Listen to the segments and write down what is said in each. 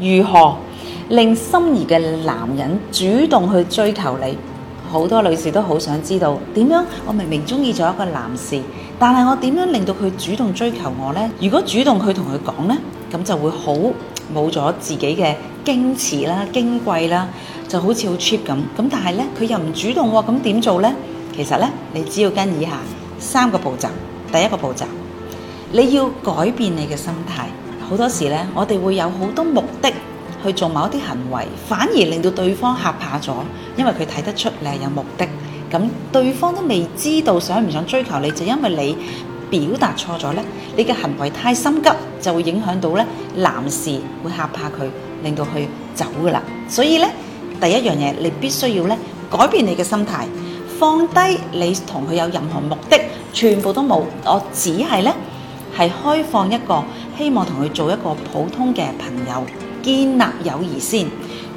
如何令心儀嘅男人主動去追求你？好多女士都好想知道，點樣我明明中意咗一個男士，但係我點樣令到佢主動追求我咧？如果主動去同佢講咧，咁就會好冇咗自己嘅矜持啦、矜貴啦，就好似好 cheap 咁。咁但係咧，佢又唔主動，咁點做咧？其實咧，你只要跟以下三個步驟。第一個步驟，你要改變你嘅心態。好多時呢，我哋會有好多目的去做某一啲行為，反而令到對方嚇怕咗，因為佢睇得出你係有目的。咁對方都未知道想唔想追求你，就因為你表達錯咗呢。你嘅行為太心急，就會影響到呢男士會嚇怕佢，令到佢走㗎喇。所以呢，第一樣嘢你必須要呢改變你嘅心態，放低你同佢有任何目的，全部都冇。我只係呢係開放一個。希望同佢做一個普通嘅朋友，建立友誼先，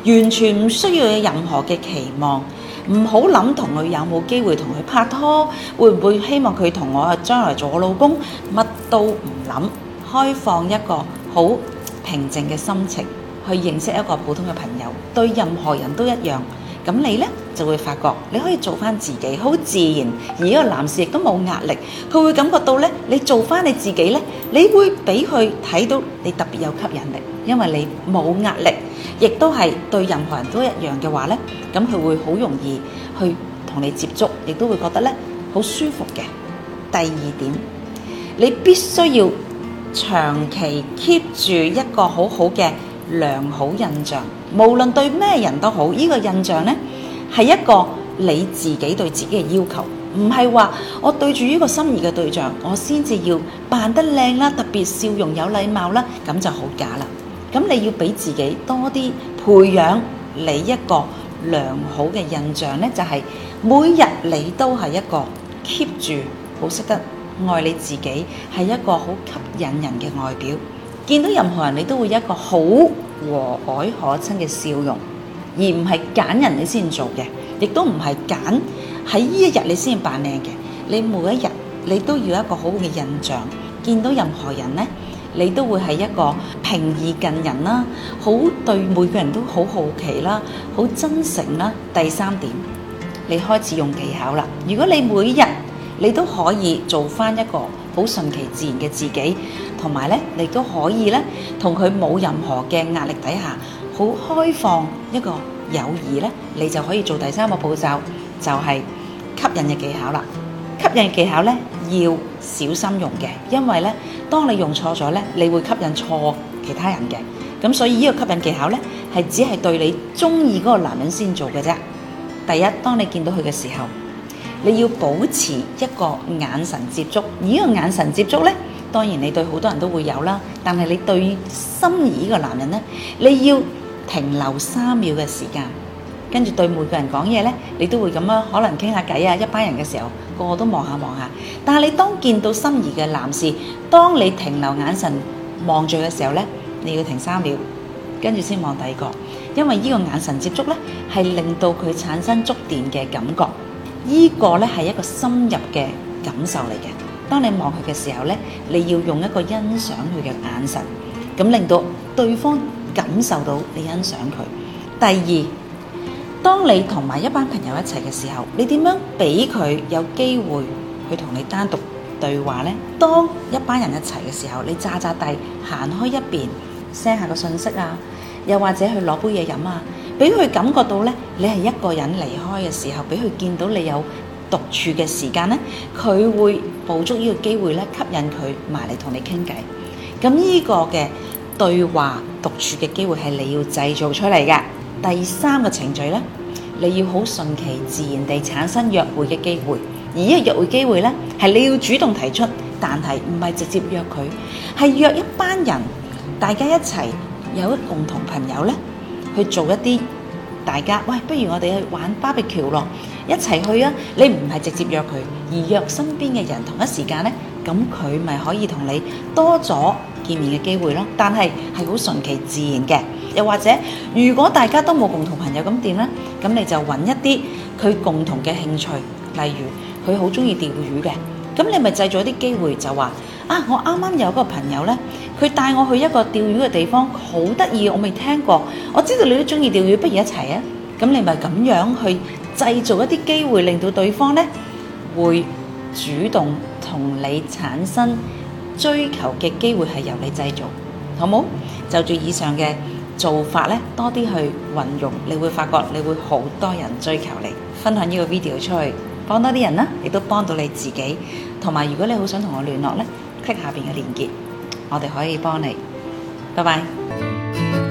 完全唔需要有任何嘅期望，唔好諗同佢有冇機會同佢拍拖，會唔會希望佢同我將來做我老公，乜都唔諗，開放一個好平靜嘅心情去認識一個普通嘅朋友，對任何人都一樣。咁你咧就會發覺你可以做翻自己，好自然；而一個男士亦都冇壓力，佢會感覺到咧，你做翻你自己咧，你會俾佢睇到你特別有吸引力，因為你冇壓力，亦都係對任何人都一樣嘅話咧，咁佢會好容易去同你接觸，亦都會覺得咧好舒服嘅。第二點，你必須要長期 keep 住一個好好嘅良好印象。無論對咩人都好，呢個印象呢係一個你自己對自己嘅要求，唔係話我對住呢個心儀嘅對象，我先至要扮得靚啦，特別笑容有禮貌啦，咁就好假啦。咁你要俾自己多啲培養你一個良好嘅印象呢，就係每日你都係一個 keep 住好識得愛你自己，係一個好吸引人嘅外表，見到任何人你都會一個好和藹可親嘅笑容，而唔係揀人你先做嘅，亦都唔係揀喺呢一日你先扮靚嘅。你每一日你都要一個好好嘅印象，見到任何人呢，你都會係一個平易近人啦，好對每個人都好好奇啦，好真誠啦。第三點，你開始用技巧啦。如果你每日你都可以做翻一個好順其自然嘅自己。同埋咧，你都可以咧，同佢冇任何嘅壓力底下，好開放一個友誼咧，你就可以做第三個步驟，就係吸引嘅技巧啦。吸引嘅技巧咧，要小心用嘅，因為咧，當你用錯咗咧，你會吸引錯其他人嘅。咁所以呢個吸引技巧咧，係只係對你中意嗰個男人先做嘅啫。第一，當你見到佢嘅時候，你要保持一個眼神接觸，而呢個眼神接觸咧。當然你對好多人都會有啦，但係你對心儀呢個男人呢，你要停留三秒嘅時間，跟住對每個人講嘢呢，你都會咁樣可能傾下偈啊，一班人嘅時候個個都望下望下。但係你當見到心儀嘅男士，當你停留眼神望住嘅時候呢，你要停三秒，跟住先望第二個，因為呢個眼神接觸呢，係令到佢產生觸電嘅感覺，呢個呢，係一個深入嘅感受嚟嘅。當你望佢嘅時候呢，你要用一個欣賞佢嘅眼神，咁令到對方感受到你欣賞佢。第二，當你同埋一班朋友一齊嘅時候，你點樣俾佢有機會去同你單獨對話呢？當一班人一齊嘅時候，你咋咋地行開一邊，send 下個訊息啊，又或者去攞杯嘢飲啊，俾佢感覺到呢，你係一個人離開嘅時候，俾佢見到你有。獨處嘅時間咧，佢會捕捉呢個機會咧，吸引佢埋嚟同你傾偈。咁呢個嘅對話獨處嘅機會係你要製造出嚟嘅。第三個程序咧，你要好順其自然地產生約會嘅機會。而呢個約會機會咧，係你要主動提出，但係唔係直接約佢，係約一班人，大家一齊有共同朋友咧，去做一啲大家喂，不如我哋去玩 BBQ 咯。一齊去啊！你唔係直接約佢，而約身邊嘅人同一時間呢。咁佢咪可以同你多咗見面嘅機會咯。但係係好順其自然嘅。又或者，如果大家都冇共同朋友咁點呢？咁你就揾一啲佢共同嘅興趣，例如佢好中意釣魚嘅，咁你咪製造啲機會就話啊！我啱啱有個朋友呢，佢帶我去一個釣魚嘅地方，好得意，我未聽過。我知道你都中意釣魚，不如一齊啊！咁你咪咁樣去製造一啲機會，令到對方咧會主動同你產生追求嘅機會，係由你製造，好冇？就住以上嘅做法咧，多啲去運用，你會發覺你會好多人追求你。分享呢個 video 出去，幫多啲人啦，亦都幫到你自己。同埋，如果你好想同我聯絡呢，click 下邊嘅連結，我哋可以幫你。拜拜。